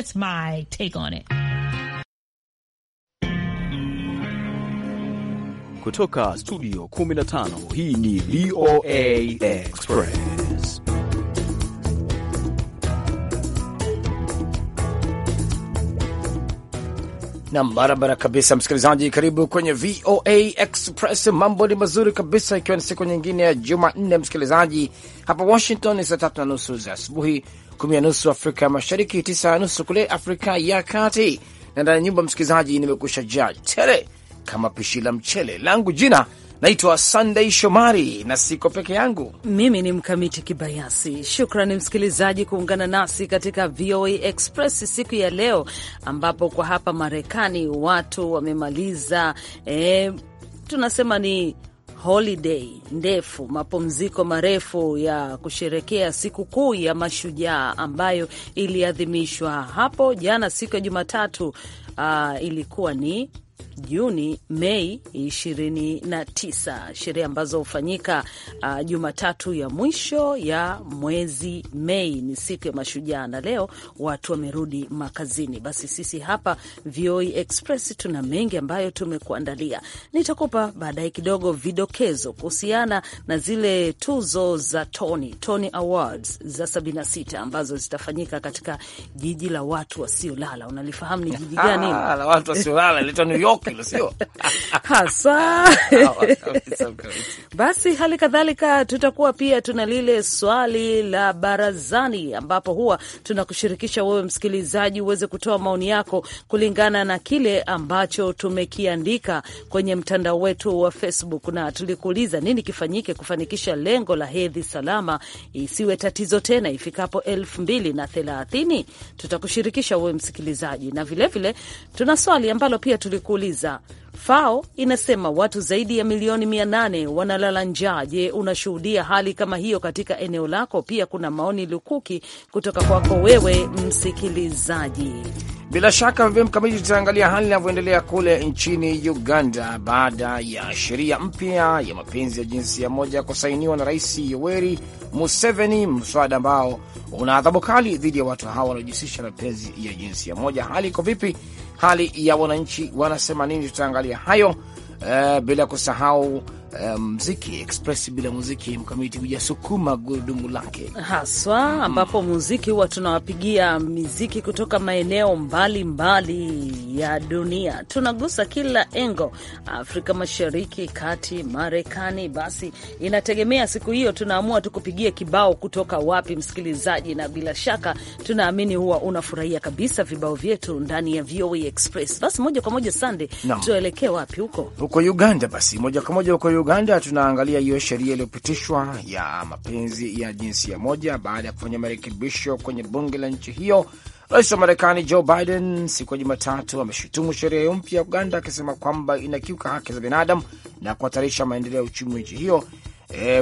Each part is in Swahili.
That's my take on it. Kutoka studio 15 hii ni VOA Express. na barabara kabisa, msikilizaji, karibu kwenye VOA Express. Mambo ni mazuri kabisa, ikiwa ni siku nyingine ya Jumanne msikilizaji, hapa Washington ni saa tatu na nusu za asubuhi kumi na nusu Afrika Mashariki, tisa na nusu kule Afrika ya Kati. Na ndani ya nyumba, msikilizaji, nimekusha jaa tele kama pishi la mchele langu. Jina naitwa Sunday Shomari na siko peke yangu, mimi ni Mkamiti Kibayasi. Shukrani msikilizaji kuungana nasi katika VOA Express siku ya leo, ambapo kwa hapa Marekani watu wamemaliza eh, tunasema ni holiday ndefu, mapumziko marefu ya kusherekea siku kuu ya Mashujaa ambayo iliadhimishwa hapo jana siku ya Jumatatu. Uh, ilikuwa ni Juni Mei 29, sherehe ambazo hufanyika uh, Jumatatu ya mwisho ya mwezi Mei. Ni siku ya mashujaa, na leo watu wamerudi makazini. Basi sisi hapa VOA e Express tuna mengi ambayo tumekuandalia. Nitakupa baadaye kidogo vidokezo kuhusiana na zile tuzo za Tony, Tony Awards za 76 ambazo zitafanyika katika jiji la watu wasiolala. Unalifahamu ni jiji gani la watu wasiolala? ilitwa New York hilo sio hasa basi, hali kadhalika tutakuwa pia tuna lile swali la barazani, ambapo huwa tunakushirikisha wewe msikilizaji uweze kutoa maoni yako kulingana na kile ambacho tumekiandika kwenye mtandao wetu wa Facebook, na tulikuuliza nini kifanyike kufanikisha lengo la hedhi salama isiwe tatizo tena ifikapo elfu mbili na thelathini. Tutakushirikisha wewe msikilizaji, na vilevile tuna swali ambalo pia tulikuuliza Uingereza. FAO inasema watu zaidi ya milioni mia nane wanalala njaa. Je, unashuhudia hali kama hiyo katika eneo lako? Pia kuna maoni lukuki kutoka kwako wewe msikilizaji. Bila shaka mkamiti, tutaangalia hali inavyoendelea kule nchini Uganda baada ya sheria mpya ya mapenzi ya jinsia moja kusainiwa na Rais Yoweri Museveni, mswada ambao una adhabu kali dhidi ya watu hawa wanaojihusisha na mapenzi ya jinsia moja. Hali iko vipi hali ya wananchi wanasema nini. Tutaangalia hayo uh, bila kusahau Eh, mziki um, express bila muziki mkamiti hujasukuma gurudumu lake haswa, ambapo mm, muziki huwa tunawapigia miziki kutoka maeneo mbalimbali mbali ya dunia. Tunagusa kila engo, Afrika Mashariki, kati, Marekani. Basi inategemea siku hiyo tunaamua tukupigie kibao kutoka wapi, msikilizaji, na bila shaka tunaamini huwa unafurahia kabisa vibao vyetu ndani ya VOA e Express. Basi moja kwa moja, Sande, no, tuelekee wapi? Huko huko Uganda, basi moja kwa moja huko Uganda tunaangalia hiyo sheria iliyopitishwa ya mapenzi ya jinsia moja baada ya kufanya marekebisho kwenye bunge la nchi hiyo. Rais wa Marekani Joe Biden siku ya Jumatatu ameshutumu sheria hiyo mpya ya Uganda akisema kwamba inakiuka haki za binadamu na kuhatarisha maendeleo ya uchumi wa nchi hiyo.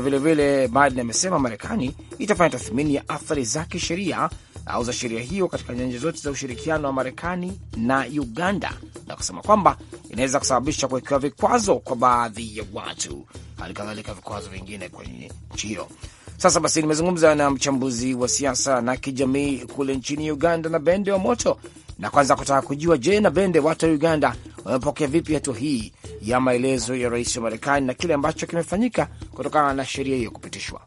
Vilevile eh, e, Biden amesema Marekani itafanya tathmini ya athari za kisheria au za sheria hiyo katika nyanja zote za ushirikiano wa Marekani na Uganda, na kusema kwamba inaweza kusababisha kuwekewa vikwazo kwa baadhi ya watu, hali kadhalika vikwazo vingine kwenye nchi hiyo. Sasa basi, nimezungumza na mchambuzi wa siasa na kijamii kule nchini Uganda na Bende wa Moto, na kwanza kutaka kujua, je, na Bende, watu wa Uganda wamepokea vipi hatua hii ya maelezo ya rais wa Marekani na kile ambacho kimefanyika kutokana na sheria hiyo kupitishwa?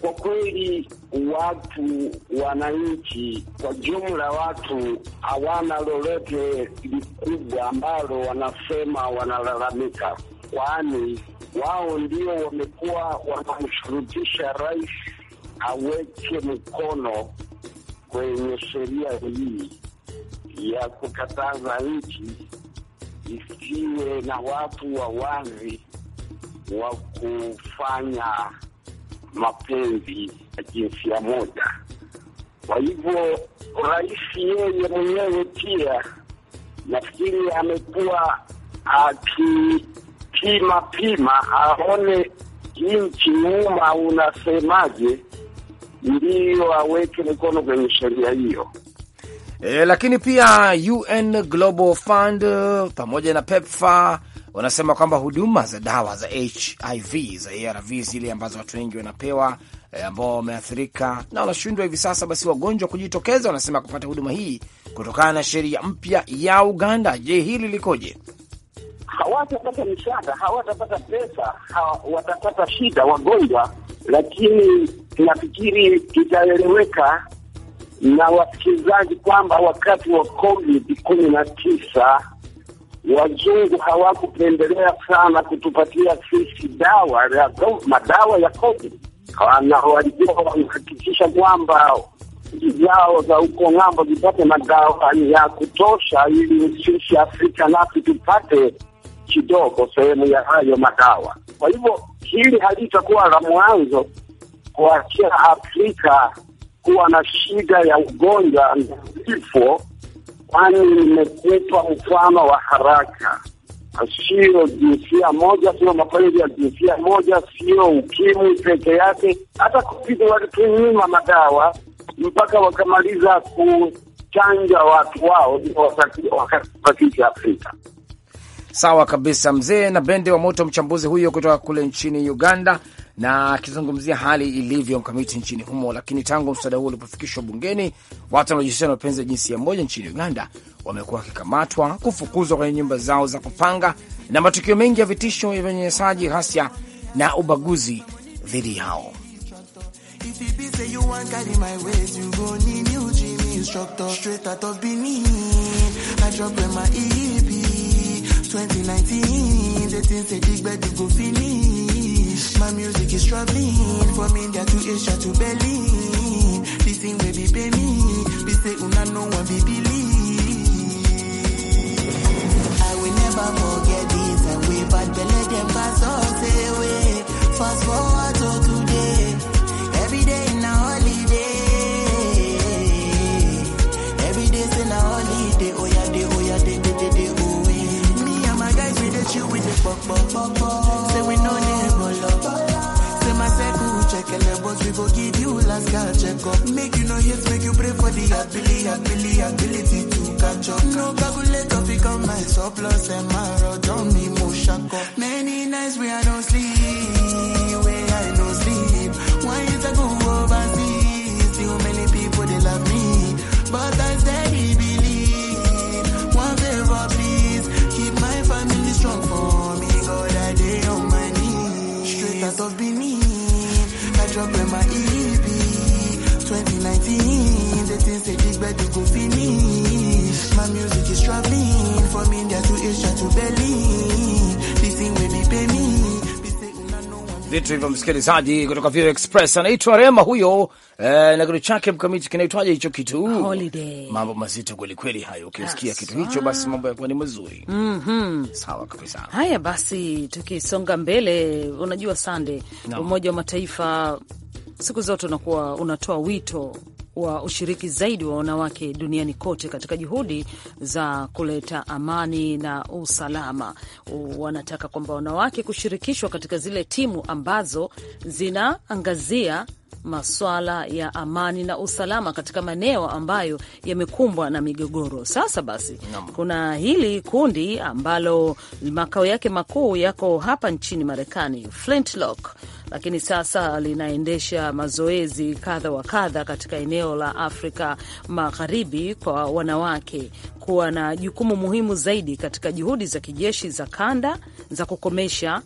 Kwa kweli watu, wananchi kwa jumla, watu hawana lolote likubwa ambalo wanasema wanalalamika, kwani wao ndio wamekuwa wanamshurutisha rais aweke mkono kwenye sheria hii ya kukataza nchi isiwe na watu wa wazi wa kufanya mapenzi ya jinsia moja. Kwa hivyo rais yeye mwenyewe pia nafikiri amekuwa akipima pima aone nchi umma unasemaje, ndiyo aweke mikono kwenye sheria hiyo. E, lakini pia UN Global Fund eh, pamoja na PEPFAR wanasema kwamba huduma za dawa za HIV za ARV zile ambazo watu wengi wanapewa e, ambao wameathirika na wanashindwa hivi sasa, basi wagonjwa kujitokeza, wanasema kupata huduma hii kutokana na sheria mpya ya Uganda. Je, hili likoje? Hawatapata mishahara, hawatapata pesa, watapata shida wagonjwa, lakini tunafikiri kitaeleweka na wasikilizaji kwamba wakati wa COVID kumi na tisa wazungu hawakupendelea sana kutupatia sisi dawa madawa ya COVID, na walikuwa wanahakikisha kwamba zao za uko ng'ambo zipate madawa ya kutosha, ili sisi Afrika nasi tupate kidogo sehemu ya hayo madawa. Kwa hivyo hili halitakuwa la mwanzo kuachia Afrika kuwa na shida ya ugonjwa na vifo kwani nimekwepa mfano wa haraka. Sio jinsia moja, sio mapenzi ya jinsia moja, sio ukimwi peke yake, hata watu nyuma madawa mpaka wakamaliza kuchanja watu wao ndio wakati Afrika Sawa kabisa, mzee na Bende wa Moto, mchambuzi huyo kutoka kule nchini Uganda, na akizungumzia hali ilivyo mkamiti nchini humo. Lakini tangu mswada huo ulipofikishwa bungeni, watu wanaojihusisha na mapenzi ya jinsia moja nchini Uganda wamekuwa wakikamatwa, kufukuzwa kwenye nyumba zao za kupanga, na matukio mengi ya vitisho vya unyanyasaji, ghasia na ubaguzi dhidi yao. 2019, the things they dig but to go finish. My music is traveling from India to Asia to Berlin. This thing will be pay me, we say una no one be believe. I will never forget this, and we bad belly them pass us away. Fast forward to bok Say we no love. Say my check and boss we go give you last Make you no hate, make you pray for the ability, ability, ability to catch up. No my and my mo shako. Many nights we sleep, sleep. Why go overseas? Too many people they love me, but I stay. vitu hivyo, msikilizaji, kutoka Vio Express. Anaitwa Rema huyo eh, na kitu chake mkamiti kinaitwaje hicho kitu? Mambo mazito kwelikweli hayo, ukisikia kitu hicho basi mambo yakuwa ni mazuri. mm -hmm. Sawa kabisa. Haya basi, tukisonga mbele, unajua sande no. Umoja wa Mataifa siku zote unakuwa unatoa wito wa ushiriki zaidi wa wanawake duniani kote katika juhudi za kuleta amani na usalama. Wanataka kwamba wanawake kushirikishwa katika zile timu ambazo zinaangazia maswala ya amani na usalama katika maeneo ambayo yamekumbwa na migogoro. Sasa basi, kuna hili kundi ambalo makao yake makuu yako hapa nchini Marekani, Flintlock, lakini sasa linaendesha mazoezi kadha wa kadha katika eneo la Afrika Magharibi kwa wanawake kuwa na jukumu muhimu zaidi katika juhudi za kijeshi za kanda za kukomesha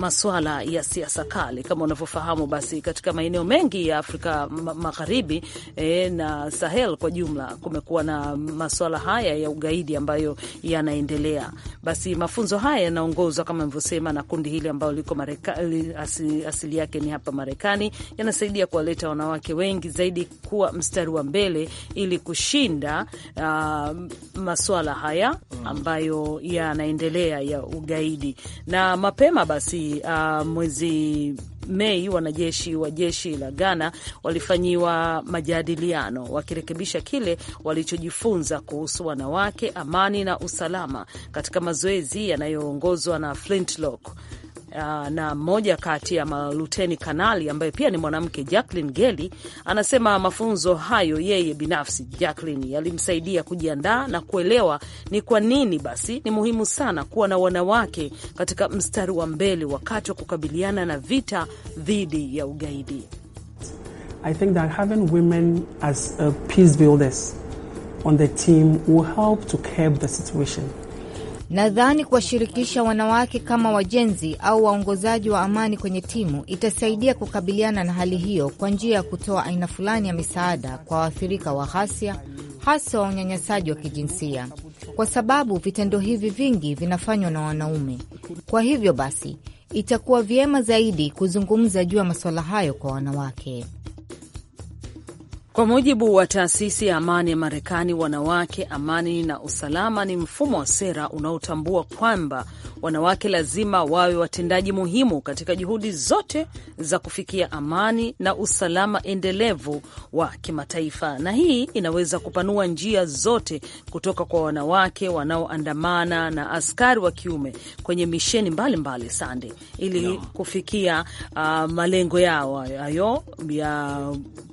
maswala ya siasa kali. Kama unavyofahamu, basi katika maeneo mengi ya Afrika Magharibi e, na Sahel kwa jumla kumekuwa na maswala haya ya ugaidi ambayo yanaendelea. Basi mafunzo haya yanaongozwa kama nilivyosema na kundi hili ambayo liko Marekani, asili, asili yake ni hapa Marekani, yanasaidia kuwaleta wanawake wengi zaidi kuwa mstari wa mbele ili kushinda uh, maswala haya mm. ambayo yanaendelea ya ugaidi na mapema basi mwezi uh, mwezi Mei wanajeshi wa jeshi la Ghana walifanyiwa majadiliano wakirekebisha kile walichojifunza kuhusu wanawake, amani na usalama katika mazoezi yanayoongozwa na Flintlock uh, na mmoja kati ya maluteni kanali ambaye pia ni mwanamke Jacqueline Geli anasema mafunzo hayo yeye binafsi Jacqueline yalimsaidia kujiandaa na kuelewa ni kwa nini basi ni muhimu sana kuwa na wanawake katika mstari wa mbele wakati wa kukabiliana na vita dhidi ya ugaidi. I think that having women as peace builders on the team will help to curb the situation. Nadhani kuwashirikisha wanawake kama wajenzi au waongozaji wa amani kwenye timu itasaidia kukabiliana na hali hiyo kwa njia ya kutoa aina fulani ya misaada kwa waathirika wa ghasia, hasa wa unyanyasaji wa kijinsia, kwa sababu vitendo hivi vingi vinafanywa na wanaume. Kwa hivyo basi, itakuwa vyema zaidi kuzungumza juu ya masuala hayo kwa wanawake. Kwa mujibu wa taasisi ya amani ya Marekani, wanawake, amani na usalama ni mfumo wa sera unaotambua kwamba wanawake lazima wawe watendaji muhimu katika juhudi zote za kufikia amani na usalama endelevu wa kimataifa, na hii inaweza kupanua njia zote kutoka kwa wanawake wanaoandamana na askari wa kiume kwenye misheni mbalimbali sande, ili no. kufikia uh, malengo yao hayo ya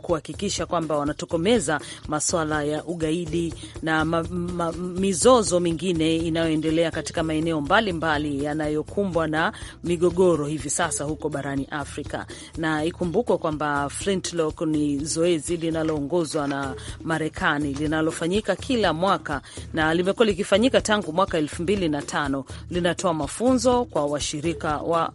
kuhakikisha kwamba wanatokomeza maswala ya ugaidi na ma, ma, mizozo mingine inayoendelea katika maeneo mbalimbali yanayokumbwa na migogoro hivi sasa huko barani Afrika. Na ikumbukwe kwamba Flintlock ni zoezi linaloongozwa na Marekani linalofanyika kila mwaka na limekuwa likifanyika tangu mwaka elfu mbili na tano linatoa mafunzo kwa washirika wa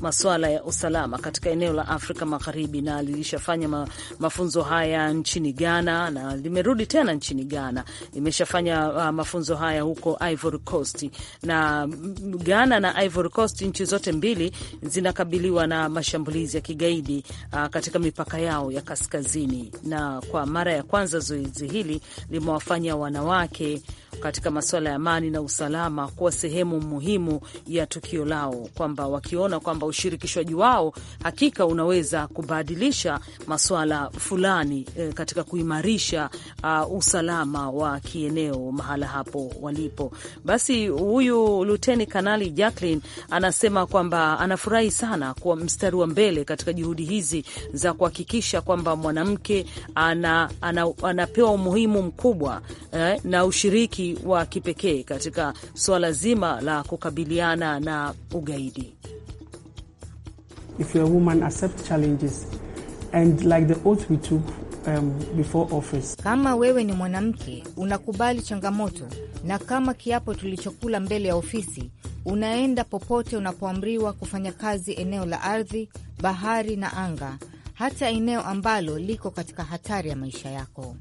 masuala ya usalama katika eneo la Afrika Magharibi, na lilishafanya ma, mafunzo haya nchini Ghana na limerudi tena nchini Ghana. Limeshafanya uh, mafunzo haya huko Ivory Coast, na mm, Ghana na Ivory Coast, nchi zote mbili zinakabiliwa na mashambulizi ya kigaidi uh, katika mipaka yao ya kaskazini, na kwa mara ya kwanza zoezi hili limewafanya wanawake katika masuala ya amani na usalama kuwa sehemu muhimu ya tukio lao, kwamba wakiona kwamba kwamba ushirikishwaji wao hakika unaweza kubadilisha masuala fulani e, katika kuimarisha uh, usalama wa kieneo mahala hapo walipo. Basi huyu Luteni Kanali Jacqueline anasema kwamba anafurahi sana kuwa mstari wa mbele katika juhudi hizi za kuhakikisha kwamba mwanamke ana, ana, anapewa umuhimu mkubwa eh, na ushiriki wa kipekee katika suala zima la kukabiliana na ugaidi if you're a woman, accept challenges. And like the oath we took um, before office. Kama wewe ni mwanamke unakubali changamoto, na kama kiapo tulichokula mbele ya ofisi, unaenda popote unapoamriwa kufanya kazi, eneo la ardhi, bahari na anga, hata eneo ambalo liko katika hatari ya maisha yako.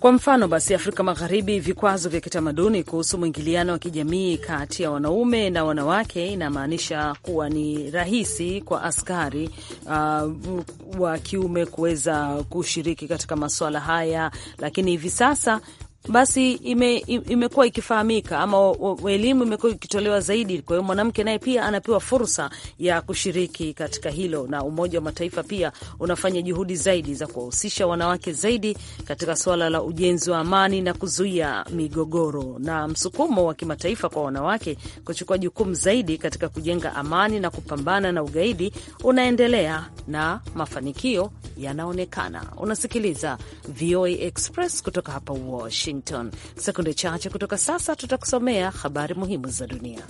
Kwa mfano basi, Afrika Magharibi, vikwazo vya kitamaduni kuhusu mwingiliano wa kijamii kati ya wanaume na wanawake inamaanisha kuwa ni rahisi kwa askari uh, wa kiume kuweza kushiriki katika masuala haya, lakini hivi sasa basi ime, imekuwa ikifahamika ama elimu imekuwa ikitolewa zaidi. Kwa hiyo mwanamke naye pia anapewa fursa ya kushiriki katika hilo, na Umoja wa Mataifa pia unafanya juhudi zaidi za kuwahusisha wanawake zaidi katika suala la ujenzi wa amani na kuzuia migogoro, na msukumo wa kimataifa kwa wanawake kuchukua jukumu zaidi katika kujenga amani na kupambana na ugaidi unaendelea na mafanikio yanaonekana. Unasikiliza VOA Express kutoka hapa Washington. Washington. Sekunde chache kutoka sasa, tutakusomea habari muhimu za dunia.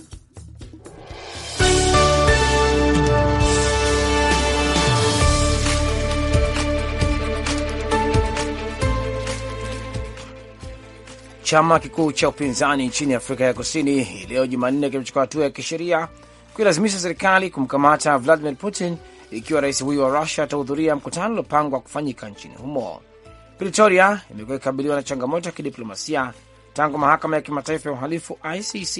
Chama kikuu cha upinzani nchini Afrika ya Kusini hii leo Jumanne kimechukua hatua ya kisheria kuilazimisha serikali kumkamata Vladimir Putin ikiwa rais huyo wa Rusia atahudhuria mkutano uliopangwa kufanyika nchini humo. Pretoria imekuwa ikikabiliwa na changamoto ya kidiplomasia tangu mahakama ya kimataifa ya uhalifu ICC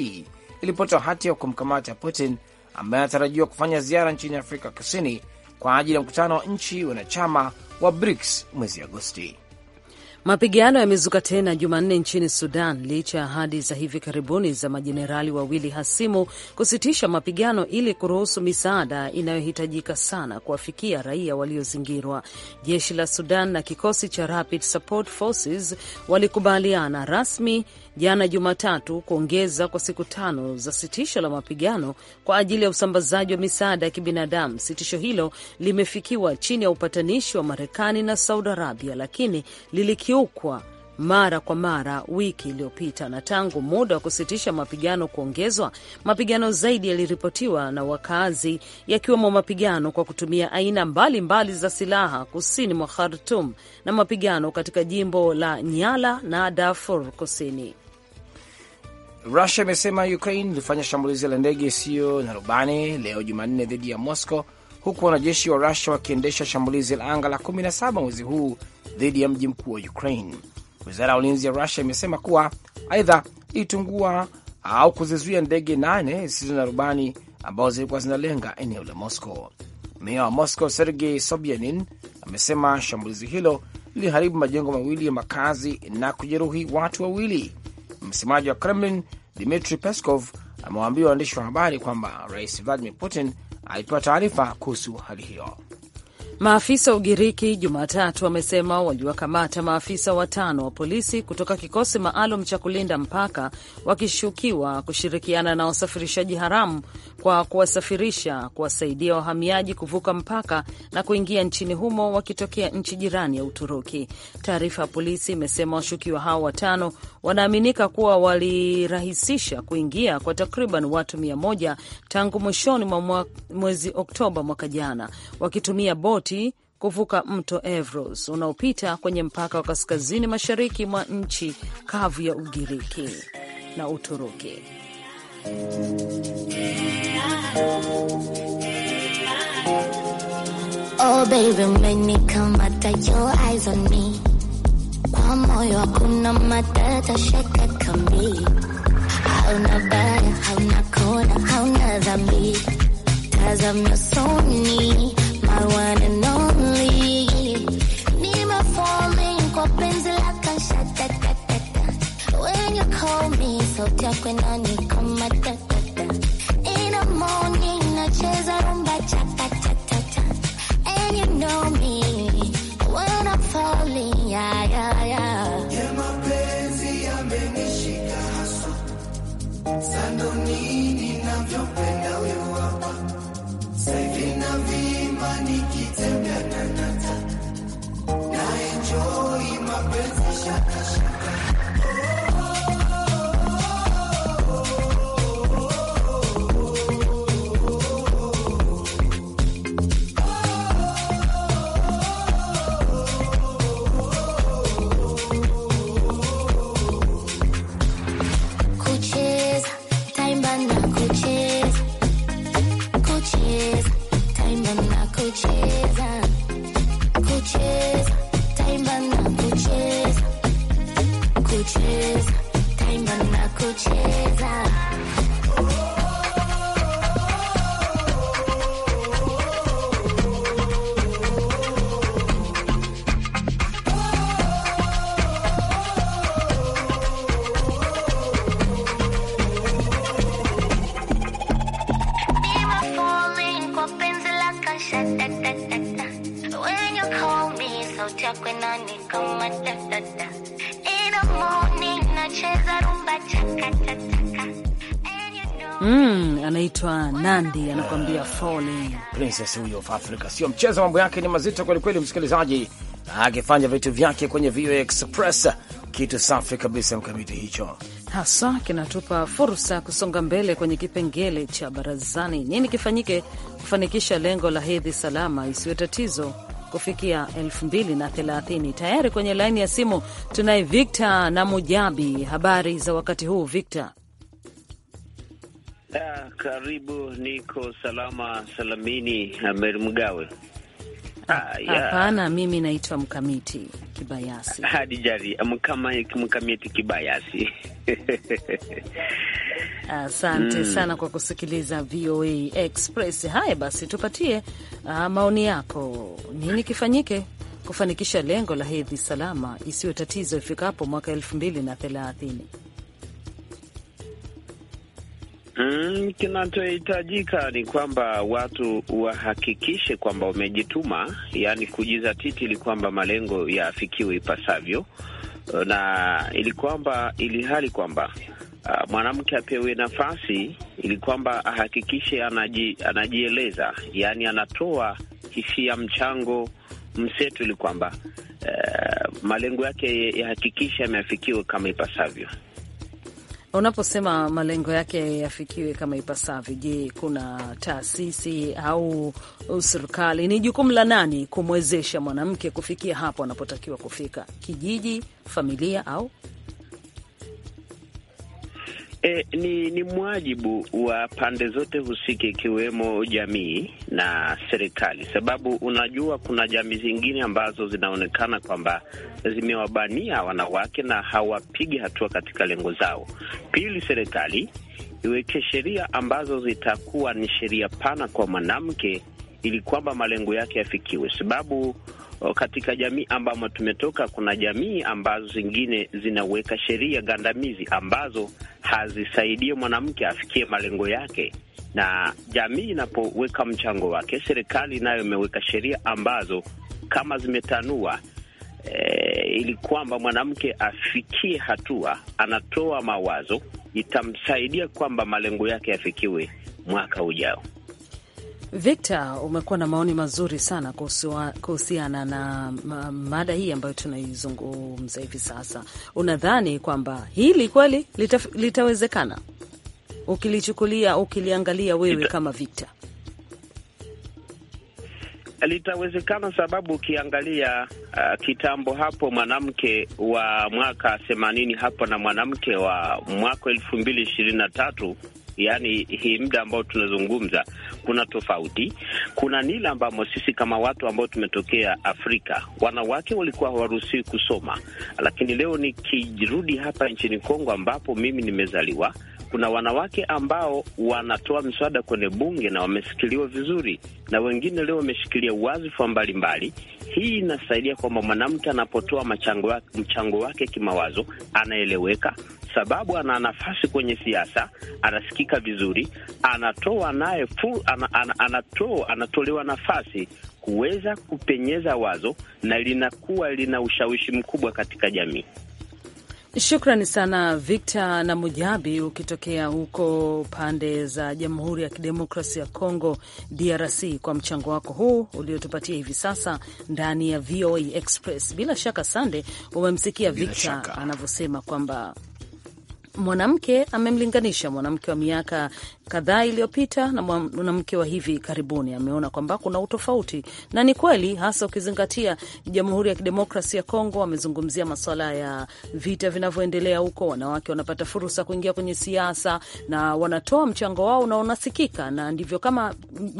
ilipotoa hati ya kumkamata Putin ambaye anatarajiwa kufanya ziara nchini Afrika Kusini kwa ajili ya mkutano wa nchi wanachama wa BRICS mwezi Agosti. Mapigano yamezuka tena Jumanne nchini Sudan licha ya ahadi za hivi karibuni za majenerali wawili hasimu kusitisha mapigano ili kuruhusu misaada inayohitajika sana kuwafikia raia waliozingirwa. Jeshi la Sudan na kikosi cha Rapid Support Forces walikubaliana rasmi jana Jumatatu kuongeza kwa siku tano za sitisho la mapigano kwa ajili ya usambazaji wa misaada ya kibinadamu. Sitisho hilo limefikiwa chini ya upatanishi wa Marekani na Saudi Arabia, lakini lilikiukwa mara kwa mara wiki iliyopita. Na tangu muda wa kusitisha mapigano kuongezwa, mapigano zaidi yaliripotiwa na wakazi, yakiwemo mapigano kwa kutumia aina mbalimbali mbali za silaha kusini mwa Khartum na mapigano katika jimbo la Nyala na Darfur Kusini. Rusia imesema Ukraine ilifanya shambulizi la ndege isiyo na rubani leo Jumanne dhidi ya Moscow, huku wanajeshi wa Rusia wakiendesha shambulizi la anga la 17 mwezi huu dhidi ya mji mkuu wa Ukraine. Wizara ya ulinzi ya Rusia imesema kuwa aidha ilitungua au kuzizuia ndege nane zisizo na rubani ambazo zilikuwa zinalenga eneo la Moscow. Meya wa Moscow Sergei Sobyanin amesema shambulizi hilo liliharibu majengo mawili ya makazi na kujeruhi watu wawili. Msemaji wa Kremlin Dmitri Peskov amewaambia waandishi wa habari kwamba Rais Vladimir Putin alitoa taarifa kuhusu hali hiyo. Maafisa wa Ugiriki Jumatatu wamesema waliwakamata maafisa watano wa polisi kutoka kikosi maalum cha kulinda mpaka wakishukiwa kushirikiana na wasafirishaji haramu kwa kuwasafirisha, kuwasaidia wahamiaji kuvuka mpaka na kuingia nchini humo wakitokea nchi jirani ya Uturuki. Taarifa ya polisi imesema washukiwa hao watano wanaaminika kuwa walirahisisha kuingia kwa takriban watu mia moja tangu mwishoni mwa mwezi Oktoba mwaka jana wakitumia boti kuvuka mto Evros unaopita kwenye mpaka wa kaskazini mashariki mwa nchi kavu ya Ugiriki na Uturuki. Oh baby, make me come after your eyes on me. Kwa moyo hakuna matata, shaka kambi. Hauna baya, hauna kona, hauna dhambi. Tazama soni, my one and only. Nima falling kwa penzi lako, shata ta ta ta. When you call me Natokea kwenani kama takata, ina moni nacheza anakuambia falling princess huyo of Africa, sio mchezo. Mambo yake ni mazito kwelikweli, msikilizaji, akifanya vitu vyake kwenye VOA Express. Kitu safi kabisa, mkamiti hicho haswa kinatupa fursa ya kusonga mbele kwenye kipengele cha barazani. Nini kifanyike kufanikisha lengo la hedhi salama isiyo tatizo kufikia 2030? Tayari kwenye laini ya simu tunaye Victor na Mujabi. Habari za wakati huu Victor? Uh, karibu, niko salama salamini. Amer Mgawe. Ah, ah, hapana, mimi naitwa Mkamiti Kibayasi. Hadi jari mkama Mkamiti Kibayasi. Asante mm, sana kwa kusikiliza VOA Express. Haya basi, tupatie uh, maoni yako, nini kifanyike kufanikisha lengo la hedhi salama isiyo tatizo ifikapo mwaka elfu mbili na thelathini? Mm, kinachohitajika ni kwamba watu wahakikishe kwamba wamejituma, yaani kujizatiti ili kwamba malengo yaafikiwe ipasavyo, na ili kwamba ili hali kwamba uh, mwanamke apewe nafasi ili kwamba ahakikishe anaji, anajieleza, yaani anatoa hisia mchango msetu ili kwamba uh, malengo yake yahakikishe yameafikiwe kama ipasavyo. Unaposema malengo yake yafikiwe kama ipasavyo, je, kuna taasisi au serikali? Ni jukumu la nani kumwezesha mwanamke kufikia hapo anapotakiwa kufika? Kijiji, familia au E, ni, ni mwajibu wa pande zote husika ikiwemo jamii na serikali, sababu unajua kuna jamii zingine ambazo zinaonekana kwamba zimewabania wanawake na hawapigi hatua katika lengo zao. Pili, serikali iweke sheria ambazo zitakuwa ni sheria pana kwa mwanamke ili kwamba malengo yake yafikiwe, sababu katika jamii ambamo tumetoka, kuna jamii ambazo zingine zinaweka sheria gandamizi ambazo hazisaidie mwanamke afikie malengo yake, na jamii inapoweka mchango wake, serikali nayo imeweka sheria ambazo kama zimetanua eh, ili kwamba mwanamke afikie hatua, anatoa mawazo itamsaidia kwamba malengo yake yafikiwe mwaka ujao. Victor, umekuwa na maoni mazuri sana kuhusiana na mada hii ambayo tunaizungumza hivi sasa. Unadhani kwamba hili kweli lita, litawezekana ukilichukulia ukiliangalia wewe lita, kama Victor? Litawezekana sababu ukiangalia uh, kitambo hapo mwanamke wa mwaka themanini hapo na mwanamke wa mwaka elfu mbili ishirini na tatu yani hii muda ambao tunazungumza, kuna tofauti. Kuna nile ambamo sisi kama watu ambao tumetokea Afrika, wanawake walikuwa hawaruhusiwi kusoma, lakini leo nikirudi hapa nchini Kongo ambapo mimi nimezaliwa kuna wanawake ambao wanatoa mswada kwenye bunge na wamesikiliwa vizuri, na wengine leo wameshikilia wadhifa mbalimbali. Hii inasaidia kwamba mwanamke anapotoa mchango wake kimawazo anaeleweka, sababu ana nafasi kwenye siasa, anasikika vizuri, anatoa naye ana, ana, anato, anatolewa nafasi kuweza kupenyeza wazo na linakuwa lina ushawishi mkubwa katika jamii. Shukrani sana Victor na Mujabi, ukitokea huko pande za Jamhuri ya Kidemokrasia ya Kongo, DRC, kwa mchango wako huu uliotupatia hivi sasa ndani ya VOA e Express. Bila shaka, Sande, umemsikia Victor anavyosema kwamba mwanamke amemlinganisha mwanamke wa miaka kadhaa iliyopita na mwanamke wa hivi karibuni ameona kwamba kuna utofauti, na ni kweli, hasa ukizingatia Jamhuri ya Kidemokrasi ya Kongo wamezungumzia masuala ya vita vinavyoendelea huko, wanawake wanapata fursa kuingia kwenye siasa na wanatoa mchango wao na unasikika, na ndivyo kama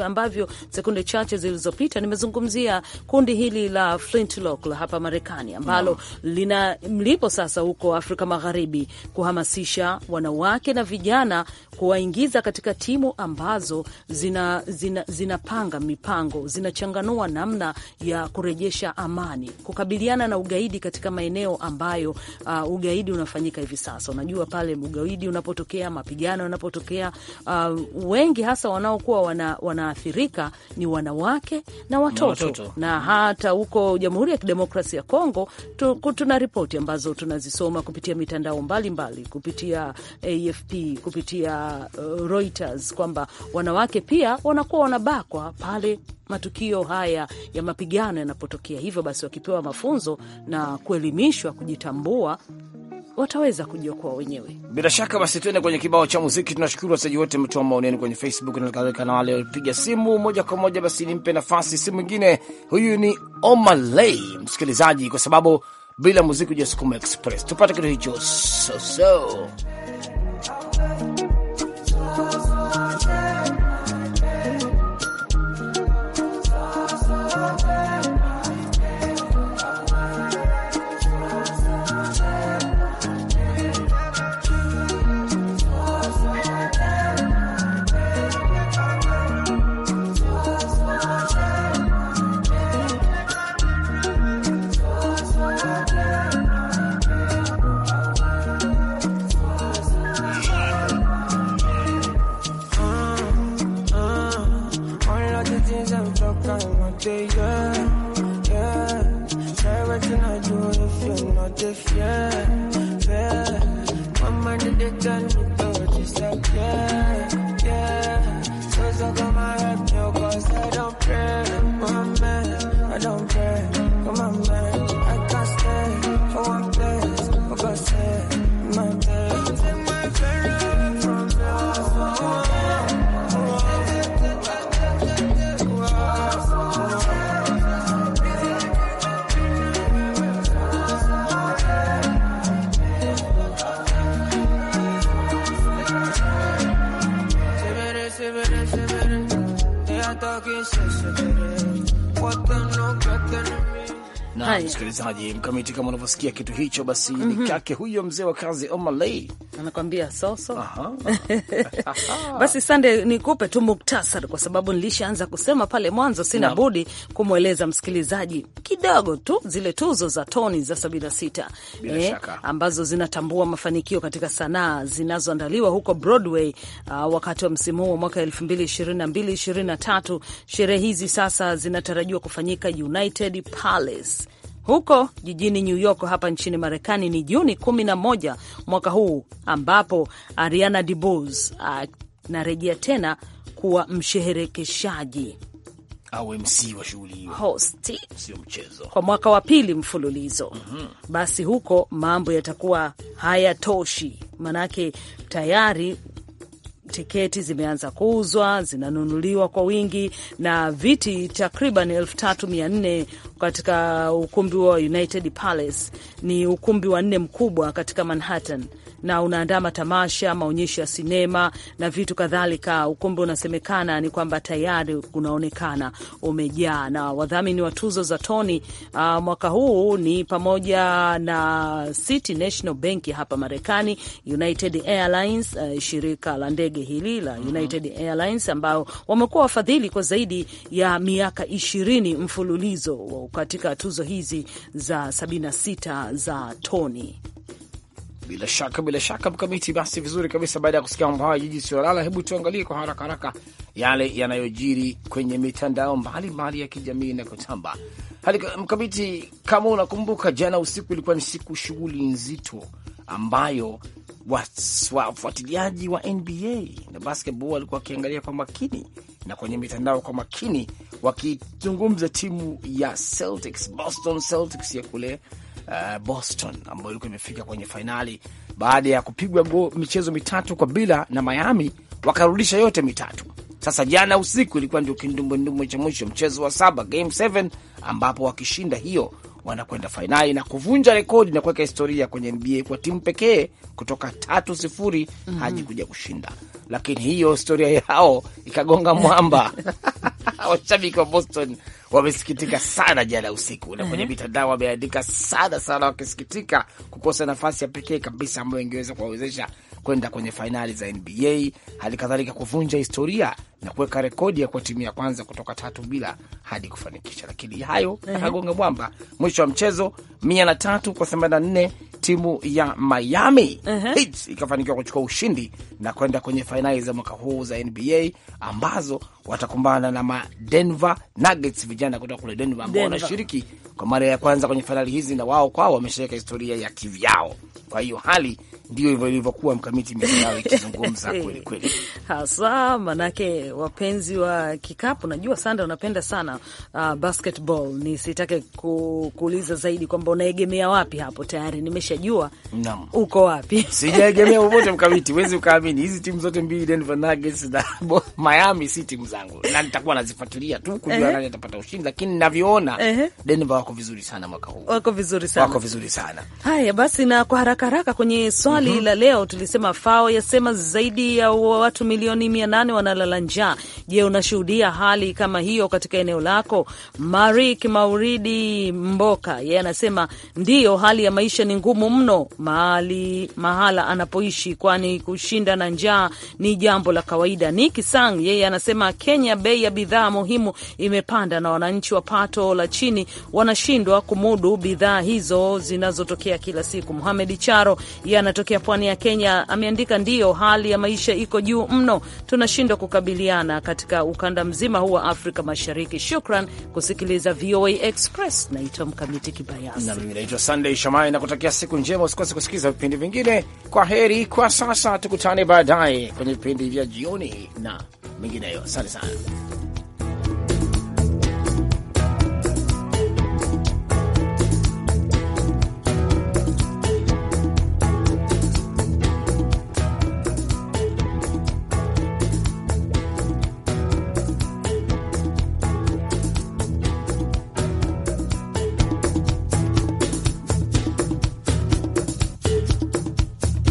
ambavyo sekunde chache zilizopita nimezungumzia kundi hili la Flintlock la hapa Marekani ambalo no. lina mlipo sasa huko Afrika Magharibi kuhamasisha wanawake na vijana kuwaingiza katika katika timu ambazo zinapanga zina, zina mipango zinachanganua namna ya kurejesha amani, kukabiliana na ugaidi katika maeneo ambayo uh, ugaidi unafanyika hivi sasa. Unajua pale ugaidi unapotokea, mapigano yanapotokea, uh, wengi hasa wanaokuwa wana, wanaathirika ni wanawake na watoto, na watoto. Na hata huko Jamhuri ya Kidemokrasia ya Kongo tu, tuna ripoti ambazo tunazisoma kupitia mitandao mbalimbali mbali, kupitia AFP kupitia uh, Reuters kwamba wanawake pia wanakuwa wanabakwa pale matukio haya ya mapigano yanapotokea. Hivyo basi, wakipewa mafunzo na kuelimishwa kujitambua wataweza kujiokoa wenyewe. Bila shaka basi, tuende kwenye kibao cha muziki. Tunashukuru wasaji wote mtoa maoneni kwenye Facebook na kadhalika, na wale walipiga simu moja kwa moja. Basi nimpe nafasi simu ingine huyu ni Omalay msikilizaji, kwa sababu bila muziki hujasukuma express. Tupate kitu hicho soso day, yeah, yeah. Try what can I do if you're not if, yeah, yeah. My mind is done, but it's like, yeah. haya msikilizaji, mkamiti kama unavyosikia kitu hicho, basi mm -hmm. ni mhm. kake huyo mzee wa kazi Omaley anakwambia soso. Basi Sande, nikupe tu muktasari, kwa sababu nilishaanza kusema pale mwanzo, sina na budi kumweleza msikilizaji kidogo tu zile tuzo za Tony za 76 eh, ambazo zinatambua mafanikio katika sanaa zinazoandaliwa huko Broadway uh, wakati wa msimu huu wa mwaka 2022 2023. Sherehe hizi sasa zinatarajiwa kufanyika United Palace huko jijini New York hapa nchini Marekani ni Juni 11 mwaka huu, ambapo Ariana DeBose anarejea tena kuwa msherehekeshaji au MC wa shughuli hiyo, host, sio mchezo, kwa mwaka wa pili mfululizo. mm -hmm. Basi huko mambo yatakuwa hayatoshi, manake tayari tiketi zimeanza kuuzwa, zinanunuliwa kwa wingi na viti takriban elfu tatu mia nne katika ukumbi wa United Palace. Ni ukumbi wa nne mkubwa katika Manhattan na unaandaa matamasha, maonyesho ya sinema na vitu kadhalika, ukumbi unasemekana ni kwamba tayari unaonekana umejaa. Na wadhamini wa tuzo za Tony uh, mwaka huu ni pamoja na City National Bank hapa Marekani, United Airlines, uh, shirika la ndege hili la mhm. United mm -hmm. Airlines ambao wamekuwa wafadhili kwa zaidi ya miaka ishirini mfululizo katika tuzo hizi za 76 za Tony. Bila shaka, bila shaka, Mkamiti. Basi vizuri kabisa, baada ya kusikia mambo haya, jiji siolala, hebu tuangalie kwa haraka haraka yale yanayojiri kwenye mitandao mbalimbali ya kijamii na kutamba. Mkamiti, kama unakumbuka, jana usiku ilikuwa ni siku shughuli nzito ambayo wafuatiliaji wa NBA na basketball walikuwa wakiangalia kwa makini na kwenye mitandao kwa makini, wakizungumza timu ya Celtics, Boston Celtics ya kule Uh, Boston ambayo ilikuwa imefika kwenye fainali baada ya kupigwa michezo mitatu kwa bila na Miami, wakarudisha yote mitatu. Sasa jana usiku ilikuwa ndio kindumbwendumbwe cha mwisho, mchezo wa saba, game 7 ambapo wakishinda hiyo wanakwenda fainali na kuvunja rekodi na kuweka historia kwenye NBA kwa timu pekee kutoka tatu sifuri mm -hmm. haji kuja kushinda, lakini hiyo historia yao ikagonga mwamba. washabiki wa Boston wamesikitika sana jana usiku na kwenye eh. mitandao wameandika sana sana, wakisikitika kukosa nafasi ya pekee kabisa ambayo ingeweza kuwawezesha kwenda kwenye fainali za NBA, hali kadhalika kuvunja historia na kuweka rekodi ya kwa timu ya kwanza kutoka tatu bila hadi kufanikisha. Lakini hayo akagonga mwamba. Mwisho wa mchezo mia na tatu kwa themanini na nne timu ya Miami uh -huh. Heat ikafanikiwa kuchukua ushindi na kwenda kwenye fainali za mwaka huu za NBA ambazo watakumbana na Madenver Nuggets, vijana kutoka kule Denver ambao wanashiriki kwa mara ya kwanza kwenye fainali hizi, na wao kwao wameshaweka historia ya kivyao. Kwa hiyo hali ndio hivyo ilivyokuwa, mkamiti miao ikizungumza kweli kweli hasa manake wapenzi wa kikapu, najua Sanda unapenda sana uh, basketball. Ni sitake kuuliza zaidi kwamba unaegemea wapi hapo, tayari nimeshajua no. uko wapi. Sijaegemea popote Mkamiti, huwezi ukaamini hizi timu zote mbili, Denver Nuggets na Miami, si timu zangu na nitakuwa nazifuatilia tu kujua uh -huh. nani atapata ushindi, lakini navyoona uh -huh. Denver wako vizuri sana mwaka huu, wako vizuri sana, wako vizuri sana. Haya basi, na kwa haraka haraka kwenye swali mm -hmm. la leo tulisema FAO yasema zaidi ya watu milioni mia nane wanalala njaa njaa. Je, unashuhudia hali kama hiyo katika eneo lako? Marik Mauridi Mboka yeye anasema ndiyo, hali ya maisha ni ngumu mno mahali mahala anapoishi, kwani kushinda na njaa ni jambo la kawaida. Niki Sang yeye anasema Kenya, bei ya bidhaa muhimu imepanda na wananchi wa pato la chini wanashindwa kumudu bidhaa hizo zinazotokea kila siku. Muhamedi Charo yeye anatokea pwani ya Kenya, ameandika ndiyo, hali ya maisha iko juu mno, tunashindwa kukabilia vijana katika ukanda mzima huu wa Afrika Mashariki. Shukran kusikiliza VOA Express. Naitwa Mkamiti Kibayasi na mimi naitwa Sandey Shamai, na siku njema. Usikose kusikiliza vipindi vingine. Kwa heri kwa sasa, tukutane baadaye kwenye vipindi vya jioni na mengineyo. Asante sana.